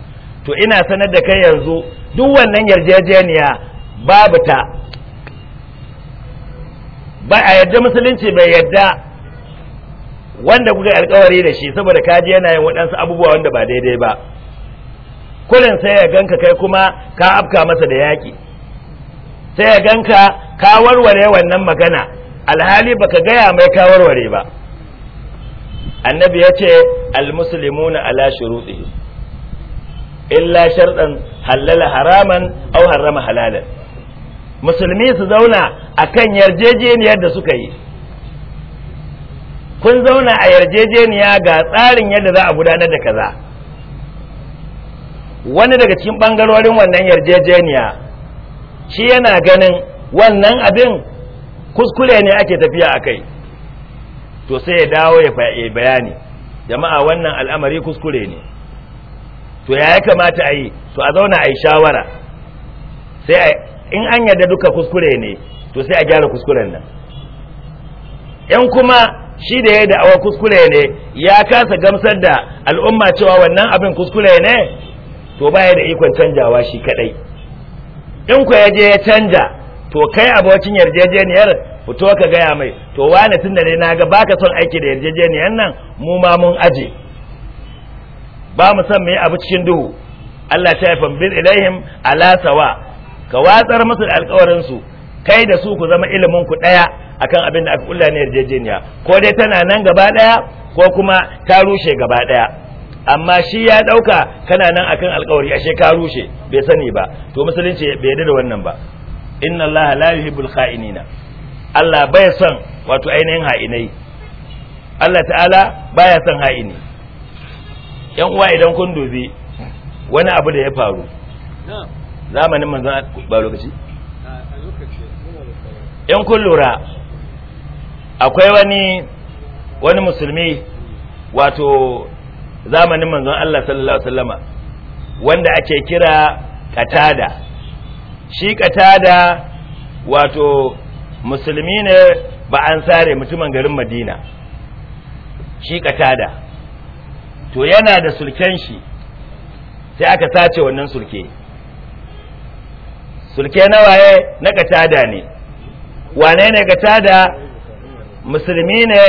to ina sanar da kai yanzu duk wannan yarjejeniya babu ta ba a yarda musulunci bai yarda wanda kuka alkawari da shi saboda kaji yana yin waɗansu abubuwa wanda ba daidai ba kullum sai ya ganka kai kuma ka afka masa da yaƙi sai ya ganka ka warware wannan magana alhali baka gaya mai ka warware ba annabi ya ce المسلمون ala شروطه illa شرطا halala haraman au حرم حلالا musulmi su zauna a kan yarjejeniyar da suka yi kun zauna a yarjejeniya ga tsarin yadda za a gudanar da kaza wani daga cikin ɓangarorin wannan yarjejeniya shi yana ganin wannan abin kuskure ne ake tafiya a kai to sai ya dawo ya bayani jama'a wannan al'amari kuskure ne to ya ya kamata a yi to a zauna a yi shawara sai in an yarda duka kuskure ne to sai a gyara kuskuren nan in kuma shi da ya yi da'awa kuskure ne ya kasa gamsar da al'umma cewa wannan abin kuskure ne to ba ya da ikon canjawa shi kadai in ku ya je ya canja to kai abocin yarjejeniyar fito ka gaya mai to wani tun da na ga baka son aiki da yarjejeniyar nan mu ma mun aje ba mu san mai abu cikin duhu Allah ta yi bin ilaihim ala sawa ka watsar musu da alkawarin su kai da su ku zama ilimin ku daya akan abin da aka kulla ne yarjejeniya ko dai tana nan gaba daya ko kuma ta rushe gaba daya amma shi ya dauka kana nan akan alkawari ashe ka rushe bai sani ba to musulunci bai yarda da wannan ba inna allaha la yuhibbul kha'inina Allah bai son wato ainihin ha'inai Allah ta'ala baya son ha'ini yan uwa idan kun dubi wani abu da ya faru zamanin manzon ba lokaci yan kun lura akwai wani wani musulmi wato zamanin manzon Allah sallallahu alaihi wasallama wanda ake kira katada shi katada wato musulmi ne ba an sare mutumin garin madina shi katada to yana da sulken shi sai aka sace wannan sulke sulke na waye na katada ne wane ne katada musulmi ne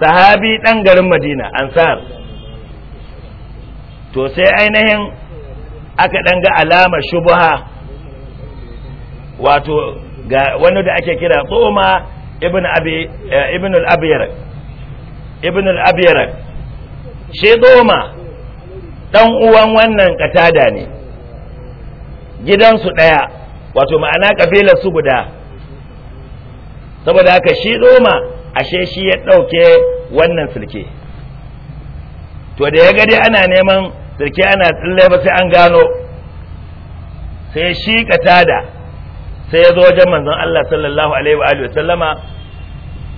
sahabi ɗan garin madina ansar to sai ainihin aka ɗanga alamar shubuha wato ga wani da ake kira tsoma ibn abi eh, ibn al shi tsoma dan uwan wannan katada ne gidansu ɗaya wato ma'ana kabilar su guda saboda haka shi tsoma ashe shi ya ɗauke wannan sulke to da ya gade ana neman sulke ana tsalle ba sai an gano sai shi katada sai ya zo wajen manzon Allah sallallahu alaihi wa alihi sallama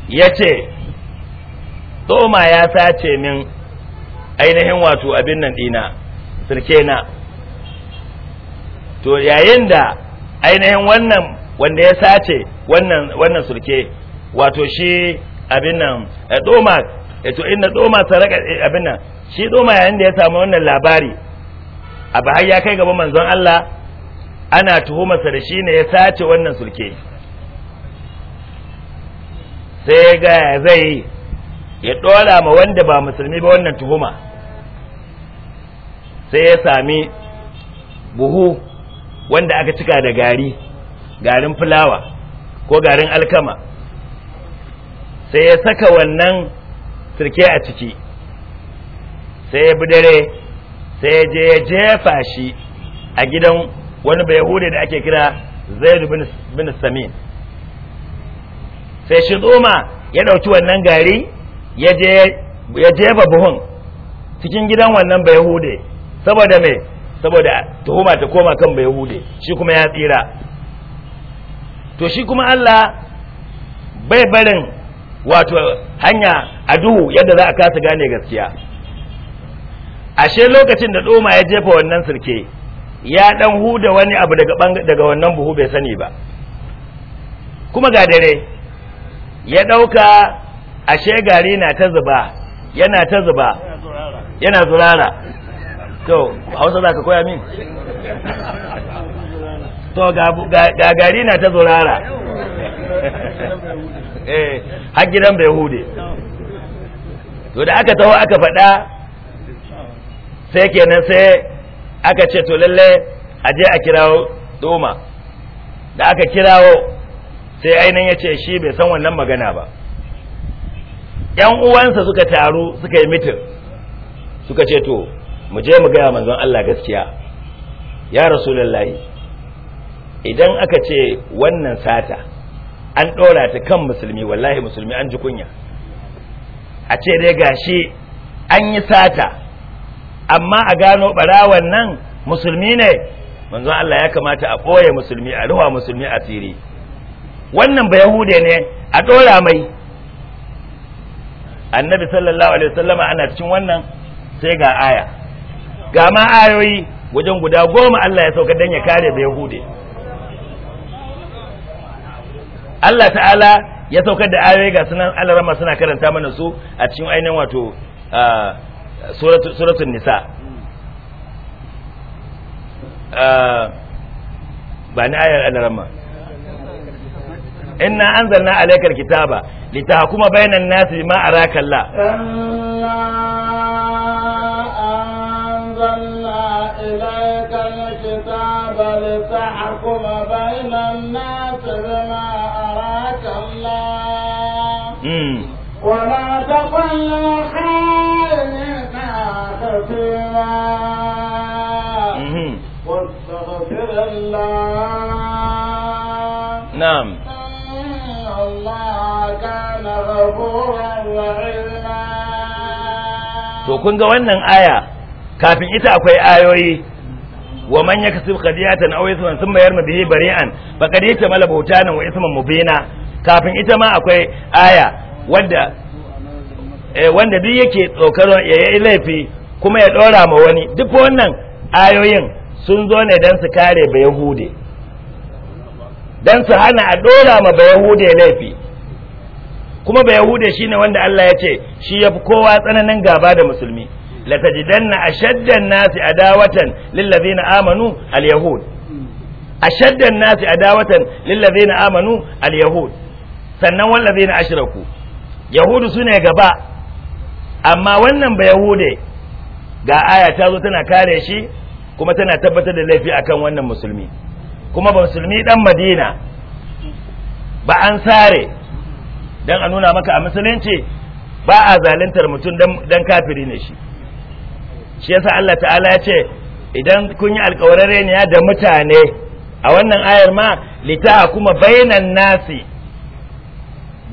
yace tsoma ya sace min ainihin wato abin nan dina na. to yayin da ainihin wannan wanda ya sace wannan wannan surke wato shi abin nan doma eh, eh, to inna doma saraka eh, abin nan shi doma yayin da ya samu wannan labari abu har ya kai gaba manzon Allah ana tuhumarsa da shi ne ya sace wannan sulke sai ga zai ya ɗora ma wanda ba musulmi ba wannan tuhuma sai ya sami buhu wanda aka cika da gari garin fulawa ko garin alkama sai ya saka wannan sirke a ciki sai ya bi sai ya je ya jefa shi a gidan wani bai hude da ake kira Zaidu bin samin sai shi tsoma ya ɗauki wannan gari ya jefa buhun cikin gidan wannan bai hude saboda mai saboda tuhuma ta koma kan bai hude shi kuma ya tsira to shi kuma Allah bai barin wato hanya a duhu yadda za a kasa gane gaskiya ashe lokacin da tsoma ya jefa wannan sirke ya dan huda wani abu daga daga wannan buhu bai sani ba kuma ga dare ya dauka ashe gari na ta zuba yana ta zuba yana zurara to hausa za ka koya min to ga gari na ta zurara eh har gidan bai hude to da aka taho aka faɗa sai kenan sai aka ce to lalle a je a kirawo doma da aka kirawo sai ainihin ya ce shi bai san wannan magana ba ‘yan uwansa suka taru suka yi mitin suka ce to mu je mu gaya manzon Allah gaskiya ya rasu rasulullahi idan aka ce wannan sata an ɗora ta kan musulmi wallahi musulmi an ji kunya a ce dai gashi an yi sata amma a gano barawan nan musulmi ne manzon Allah ya kamata a ɓoye musulmi a ruwa musulmi asiri wannan ba yahude ne a ɗora mai annabi sallallahu alaihi wasallama ana cikin wannan sai ga aya ga ma ayoyi wajen guda goma Allah ya sauka dan ya kare ba yahude Allah ta'ala ya saukar da ayoyi ga sunan Allah rama suna karanta mana su a cikin ainihin wato ah, سورة النساء آه، بان آية أنا رمى إنا أنزلنا عليك الكتابة لتحكم بين الناس بما أراك الله إنا أنزلنا إليك الكتابة لتحكم بين الناس بما أراك الله ولا تقل فيما واستغفر الله نعم الله كان غفورا رحيما to kun ga wannan aya kafin ita akwai ayoyi wa man yakasib qadiyatan aw ithman thumma yarmi bihi bari'an faqad yatamala bawtanan wa ithman mubina kafin ita ma akwai aya wanda eh wanda duk yake tsokaro yayi laifi kuma ya ɗora ma wani duk wannan ayoyin sun zo ne don su kare ba yahude don su hana a ɗora ma ba yahude laifi kuma ba yahude shine wanda Allah ya ce shi ya fi kowa tsananin gaba da musulmi a ashaddan nasi a dawatan, adawatan na amanu al-yahud ashaddan nasi a dawatan, adawatan na amanu al-yahud sannan na ashiraku yahudu su ne gaba amma wannan ba yahude ga aya ta zo tana kare shi kuma tana tabbatar da laifi akan wannan musulmi kuma ba musulmi dan madina ba an sare dan a nuna maka a musulunci ba a zaluntar mutum dan kafiri ne shi shi yasa Allah ta'ala ya ce idan kun yi alkawarin ya da mutane a wannan ayar ma litaha kuma bainan nasi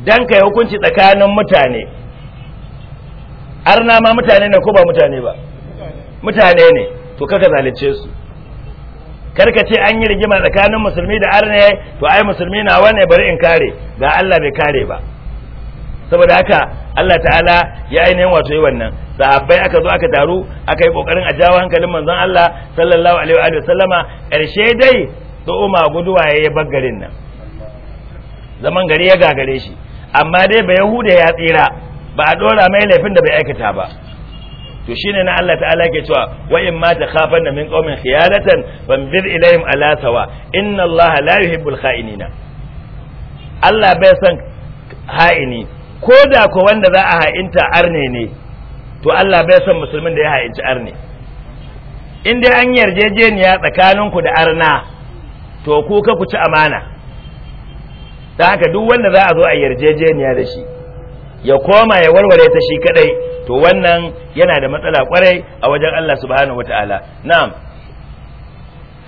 dan kai hukunci tsakanin mutane arna ma mutane ne ko ba mutane ba mutane ne to kaka zalice su karka ce an yi rigima tsakanin musulmi da arne to ai musulmi na wane bari in kare ga Allah bai kare ba saboda haka Allah ta'ala ya ainihin wato yi wannan sahabbai aka zo aka taru aka yi kokarin a jawo hankalin manzon Allah sallallahu alaihi wa sallama karshe dai umma guduwa ya bar nan zaman gari ya gagare shi amma dai ba yahuda ya tsira ba a dora mai laifin da bai aikata ba to shine na Allah ta'ala ke cewa wa in ma takhafanna min qaumin khiyanatan fanbir ilayhim ala sawa inna Allah la yuhibbul kha'inina Allah bai san ha'ini ko da ko wanda za a ha'inta arne ne to Allah bai san musulmin da ya ha'inci arne in dai an yarjejeniya tsakaninku da arna to ku ka ku ci amana ta haka duk wanda za a zo a yarjejeniya da shi ya koma ya warware ta shi kadai to wannan yana da matsala kwarai a wajen Allah subhanahu wataala na'am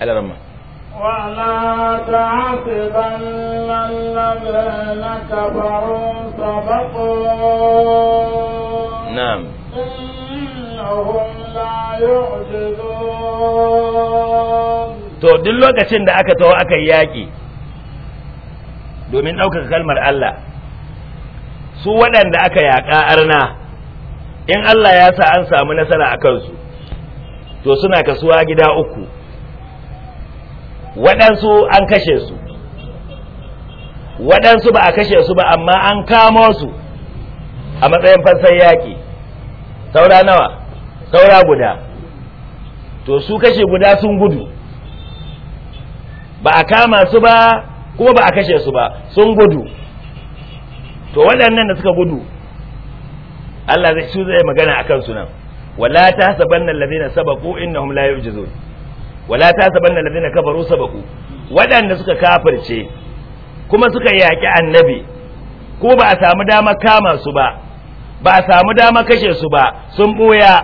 alarma wala تعصبن الذين كفروا سبقوا نعم إنهم لا to duk lokacin da aka taho aka yi yaƙi domin ɗaukaka kalmar Allah su waɗanda aka yaƙa arna in Allah ya sa an samu nasara a kansu to suna kasuwa gida uku waɗansu an kashe su waɗansu ba a kashe su ba amma an kamo su a matsayin fansar yaƙi saura nawa saura guda to su kashe guda sun gudu ba a kama su ba kuma ba a kashe su ba sun gudu to waɗannan da suka gudu Allah zai shi ya magana a kansu nan wala ta tahsabanna sabaku inna hum la yu'jizun wala ta nan alladhina kafaru sabaku waɗanda suka kafirce kuma suka yaƙi annabi ko ba a samu dama kama su ba ba a samu dama kashe su ba sun ɓoya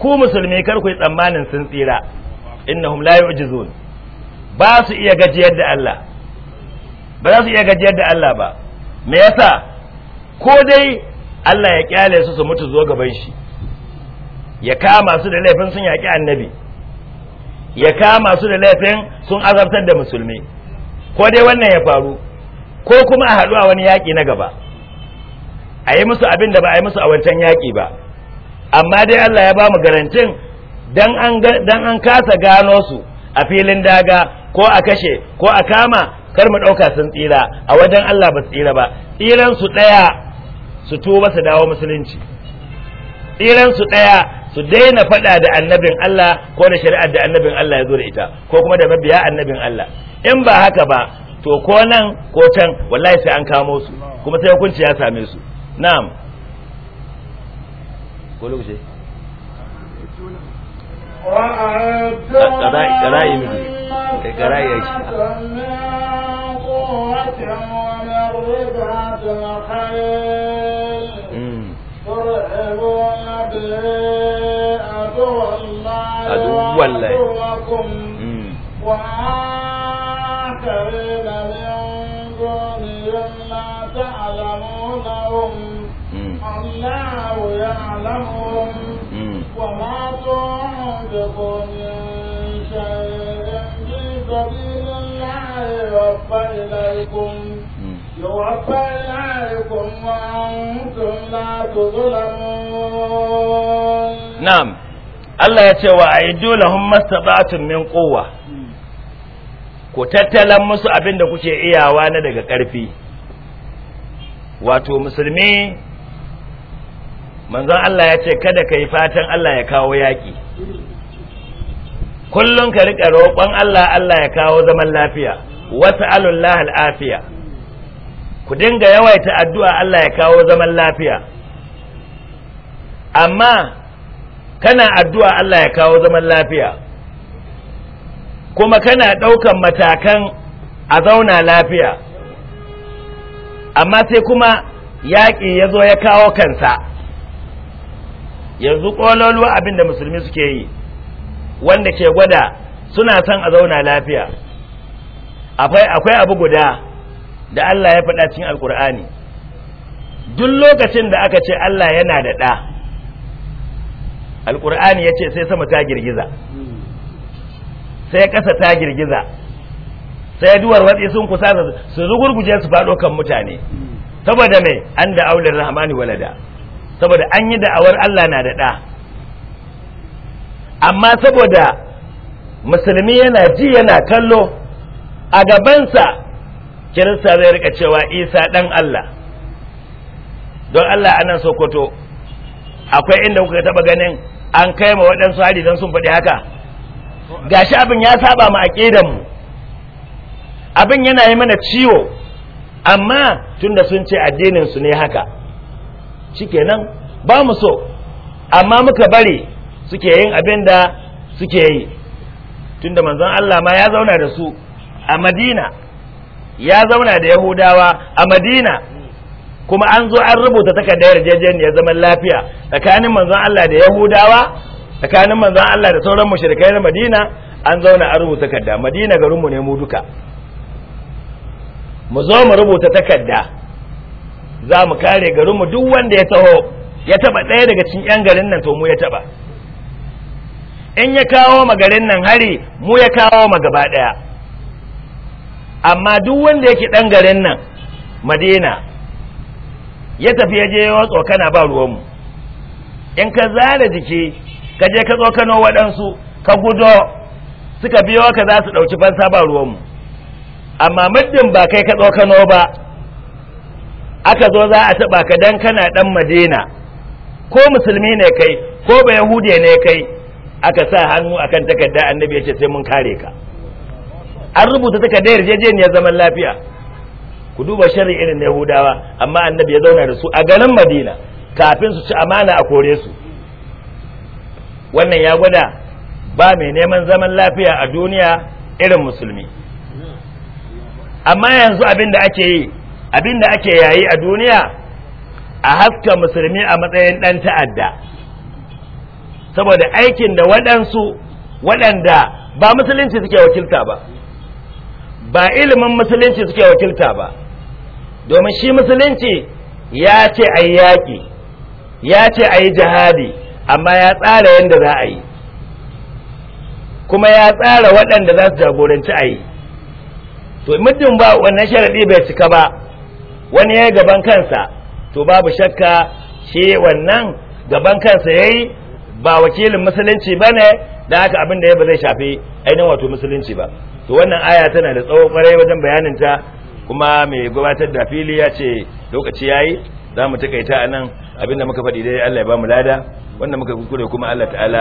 ku musulmi kar ku yi tsammanin sun tsira hum la yu'jizun ba su iya gajiyar da Allah ba za su iya gajiyar da Allah ba me yasa ko dai Allah ya kyale su su mutu zo gaban shi ya kama su da laifin sun yaƙi annabi ya kama su da laifin sun azabtar da musulmi ko dai wannan ya faru ko kuma a haɗu a wani yaƙi na gaba a yi musu abin da ba a yi musu a wancan yaƙi ba amma dai Allah ya ba mu garantin dan an kasa gano su a filin daga ko a kashe ko a kama kar mu ɗauka sun tsira a wajen Allah ba tsira ba tsiransu ɗaya su tuba su dawo musulunci tsiran su daya su daina fada da annabin Allah ko da shari'ar da annabin Allah ya zo da ita ko kuma da mabiya annabin Allah in ba haka ba to ko nan ko can wallahi sai an kamo su kuma sai hukunci ya same su na'am ko lokaci قرائي منه قوة ومن ربعة الخير عدو الله وآخرين من دونهم لا تعلمونهم الله يعلمهم وما تنفق من شيء في سبيل الله يوفى إليكم يوفى إليكم وأنتم لا تظلمون نعم Allah ya ce wa a yi dolahun min ku tattalin musu abin da kuke iyawa na daga ƙarfi, wato musulmi manzon Allah ya ce kada ka yi fatan Allah ya kawo yaƙi, kullum ka riƙa roƙon Allah Allah ya kawo zaman lafiya, wata alullah afiya ku dinga yawaita addu'a Allah ya kawo zaman lafiya amma kana addu'a Allah ya kawo zaman lafiya kuma kana ɗaukan matakan a zauna lafiya amma sai kuma yaƙi ya zo ya kawo kansa yanzu ƙololuwa abinda musulmi suke yi wanda ke gwada suna son a zauna lafiya akwai abu guda da Allah ya faɗa cikin Alƙur'ani duk lokacin da aka ce Allah yana da ɗa Alƙur'ani ya ce sai sama ta girgiza sai ƙasa ta girgiza sai duwar watsi sun kusa su zugurguje su faɗo kan mutane saboda mai an da aular rahmani walada saboda an yi da'awar Allah na da ɗa amma saboda musulmi yana ji yana kallo a gabansa kirista zai rika cewa isa ɗan Allah don Allah anan sokoto akwai inda kuka taɓa ganin an kai ma waɗansu hadi don sun faɗi haka gashi abin ya saba mu mu abin yana yi mana ciwo amma tunda sun ce addinin su ne haka shikenan ba mu so amma muka bari suke yin abin da suke yi tunda manzon Allah ma ya zauna da su a Madina ya zauna da yahudawa a madina kuma an zo an rubuta takardar yarjejeniyar zaman lafiya tsakanin manzon Allah da yahudawa tsakanin manzon Allah da sauran mushrikai na madina an zauna an rubuta takarda madina garinmu ne mu duka mu zo mu rubuta takarda za mu kare garinmu duk wanda ya taho ya taba ɗaya daga cikin 'yan garin nan to mu ya taba in ya kawo ma garin nan hari mu ya kawo ma gaba ɗaya amma duk wanda yake dan garin nan madina ya tafi ya je yawan kana ba ruwanmu in ka zara jiki ka je ka tsokano waɗansu ka gudo suka biyo ka za su ɗauki fansa ba ruwanmu amma muddin ba kai ka tsokano ba aka zo za a taɓa ka dan kana ɗan madina ko musulmi ne kai ko ba yahudiya ne kai aka sa hannu akan takarda annabi ya ce sai mun kare ka an rubuta takardar yarjejeniyar zaman lafiya ku duba sharri irin na yahudawa amma annabi ya zauna da su a garin madina kafin su ci amana a kore su wannan ya gwada ba mai neman zaman lafiya a duniya irin musulmi amma yanzu abin da ake yi abin ake yayi a duniya a haska musulmi a matsayin ɗan ta'adda saboda aikin da waɗansu waɗanda ba musulunci suke wakilta ba ba ilimin musulunci suke wakilta ba domin shi musulunci ya ce a yi yaƙi ya ce a yi jihadi amma ya tsara yadda za a yi kuma ya tsara waɗanda za su jagoranci a yi to muddin ba wannan sharaɗi bai cika ba wani ya yi gaban kansa to babu shakka shi wannan gaban kansa ya yi ba wakilin musulunci ba ne da haka abinda ya ba zai shafi ainihin wato musulunci ba to wannan aya tana da tsawon kwarai wajen bayanin ta kuma mai gabatar da fili ya ce lokaci ya yi za mu takaita nan abinda muka faɗi dai Allah ya ba mu lada wanda muka kukure kuma Allah ta'ala